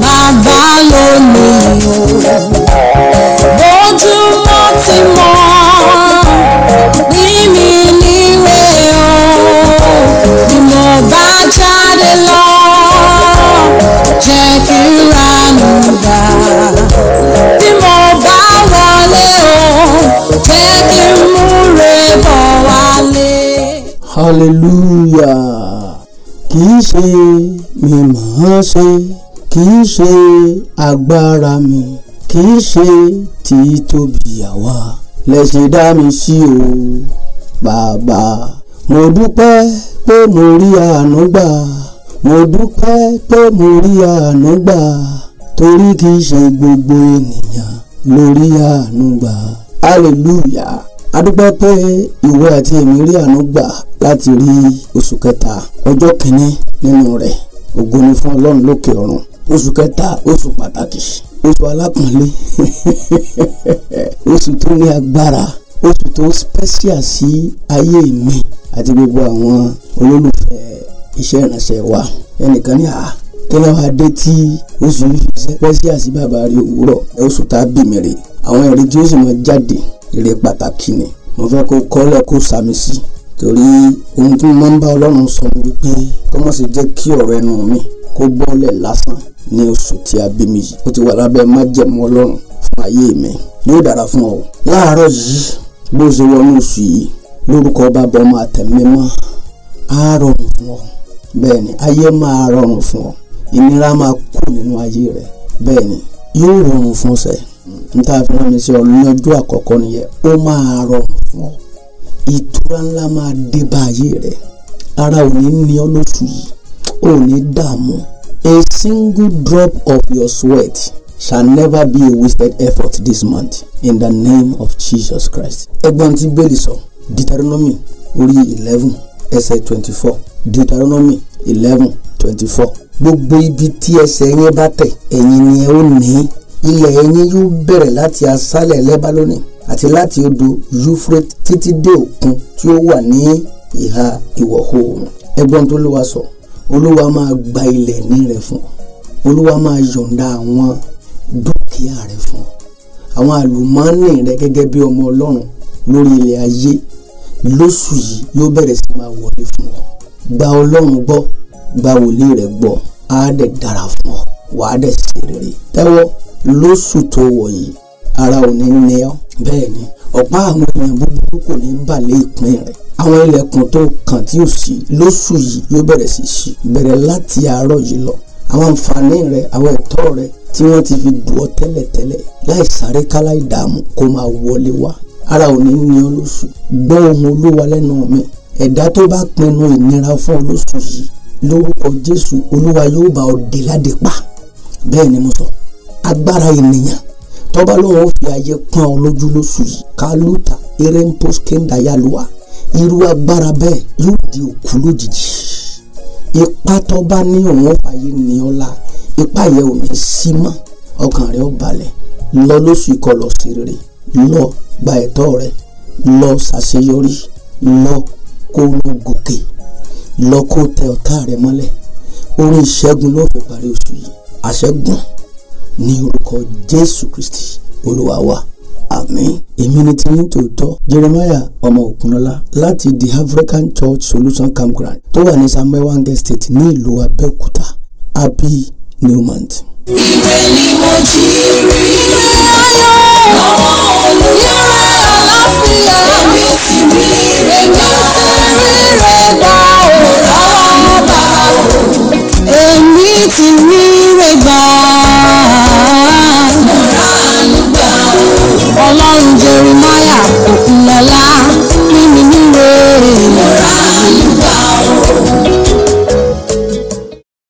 bàbá lónìí o bójúmọ́ ti mọ́ ní níwé o bí mo bá jáde lọ jẹ́ kí n gbà bí mo bá wọlé o jẹ́ kí múre bọ̀ wálé. hallelujah kì í ṣe mi mọ̀ ọ́n ṣe kì í ṣe agbára mi kì í ṣe tí tóbi àwa lẹ ṣe dá mi sí o bàbá mo dúpẹ́ pé mo rí àánú gbà mo dúpẹ́ pé mo rí àánú gbà torí kì í ṣe gbogbo ènìyàn ló rí àánú gbà hallelujah adúpẹ́ pé ìwọ àti èmi rí àánú gbà láti rí oṣù kẹta ọjọ́ kìíní nínú rẹ̀ ògo ni fún ọlọ́run lókè ọ̀run oṣù kẹta oṣù pàtàkì oṣù alápọ̀nlé oṣù tó ní agbára oṣù tó special sí ayé mi àti gbogbo àwọn olólùfẹ́ iṣẹ́ ìrànṣẹ́ wa ẹnìkan ní àá tọ́lá wa dé tí oṣù special sí bàbá rí òwúrọ̀ oṣù tá a bì mí rè àwọn ẹ̀rí tí ó sì máa jáde èrè pàtàkì ni mo fẹ́ kó kọ́lẹ̀ kó sàmì sí torí ohun tí mo máa ń bá ọlọ́run sọ ni wípé kó má ṣe jẹ́ kí ọ̀rọ̀ ẹnu mi kó bọ́lẹ̀ lásán ní oṣù tí a bí mi yìí ó ti wà lábẹ́ májẹ̀mú ọlọ́run fún ayé mi yóò dára fún ọ láàárọ̀ yìí bó ṣe wọnú oṣù yìí lórúkọ bàbá ọmọ àtẹ̀mímọ́ á rọrùn fún ọ bẹ́ẹ̀ ni ayé máa rọrùn fún ọ ìnira máa kú nínú ayé rẹ bẹ́ẹ̀ ni yóò rọrùn fún ọsẹ̀ níta fi mi sí ọ lọ́jọ́ àkọ́kọ́ nìyẹn ó máa rọrùn fún ọ ìtura ńlá máa dé bá rẹ ara ò ní ní ọ lóṣù yìí ò ní dààmú a single drop of your sweat shall never be a wasted effort this month in the name of Jesus Christ. ẹgbọ́n tí bẹ́ẹ̀lì sọ Deuteronomy orí eleven ẹsẹ̀ twenty four Deuteronomy eleven twenty four gbogbo ibi tí ẹsẹ̀ yẹn bá tẹ̀ ẹ̀yin ni ẹ ó ní ilẹ̀ ẹ̀yin yóò bẹ̀rẹ̀ láti aṣálẹ̀ lẹ́bálónì àti láti odò Euphrates títí dé òkun tí ó wà ní ìhà ìwọ̀ oòrùn ẹgbọ́n tó lówà sọ olúwa máa gba ilẹ̀ ní rẹ̀ fún ọ olúwa máa yọ̀ǹda àwọn dúkìá rẹ̀ fún ọ àwọn àlùmọ́ọ́nì rẹ̀ gẹ́gẹ́ bí ọmọ ọlọ́run lórí ilẹ̀ ayé lóṣù yìí yóò bẹ̀rẹ̀ sí máa wọlé fún ọ gba ọlọ́run gbọ́ gba wòlíì rẹ̀ gbọ́ á dẹ̀ dára fún ọ wàá dẹ̀ ṣe rere tẹ́wọ́ lóṣù tó wọ̀ yìí ara ò ní ní ọ bẹ́ẹ̀ ni ọ̀pá àwọn èèyàn búburú kò ní balẹ̀ ìpín rẹ̀ àwọn ilẹ̀kùn tó kàn tí ò sí lóṣù yìí yóò bẹ̀rẹ̀ sí sí bẹ̀rẹ̀ láti àárọ̀ yìí lọ àwọn àǹfààní rẹ àwọn ẹ̀tọ́ rẹ tí wọ́n ti fi dùn ọ́ tẹ́lẹ̀tẹ́lẹ̀ láì sáré kálá ìdààmú kó máa wọlé wá ara ò ní ní ọ lóṣù gbọ́ ohun olúwa lẹ́nu mi ẹ̀dá tó bá pinnu ìnira fún ọ lóṣù yìí lórúkọ jésù olúwa yóò bá ọ dé ládé bẹ́ẹ̀ ni mo sọ agbára ènìyàn tọ́ba lóun ó fi ayé pọ́n ọ lójú lóṣù yìí kálúta erempos kendayaluwa irú agbára bẹ́ẹ̀ yóò di òkú lójijì ipá tọ́ba ní òun ó fàyè ní ọlá ipá yẹn ò ní sí mọ́ ọkàn rẹ̀ ó balẹ̀ lọ lóṣù ìkọlọ̀ sí rere lọ gba ẹ̀tọ́ rẹ̀ lọ ṣàṣeyọrí lọ kó lọ gòkè lọ kó tẹ ọ̀tá rẹ̀ mọ́lẹ̀ orin ìṣẹ́gun ló fi parí oṣù yìí àṣẹ́gun ní orúkọ jésù kristi olúwa wa àmín èmi ni tiyín tòótọ́ jeremiah ọmọ òkunlọ́lá láti the african church solution campground tó wà ní samuel wange state ní ìlú abẹ́òkúta abbey newmont. ìwé ni mo ti rí. calling Jeremiah.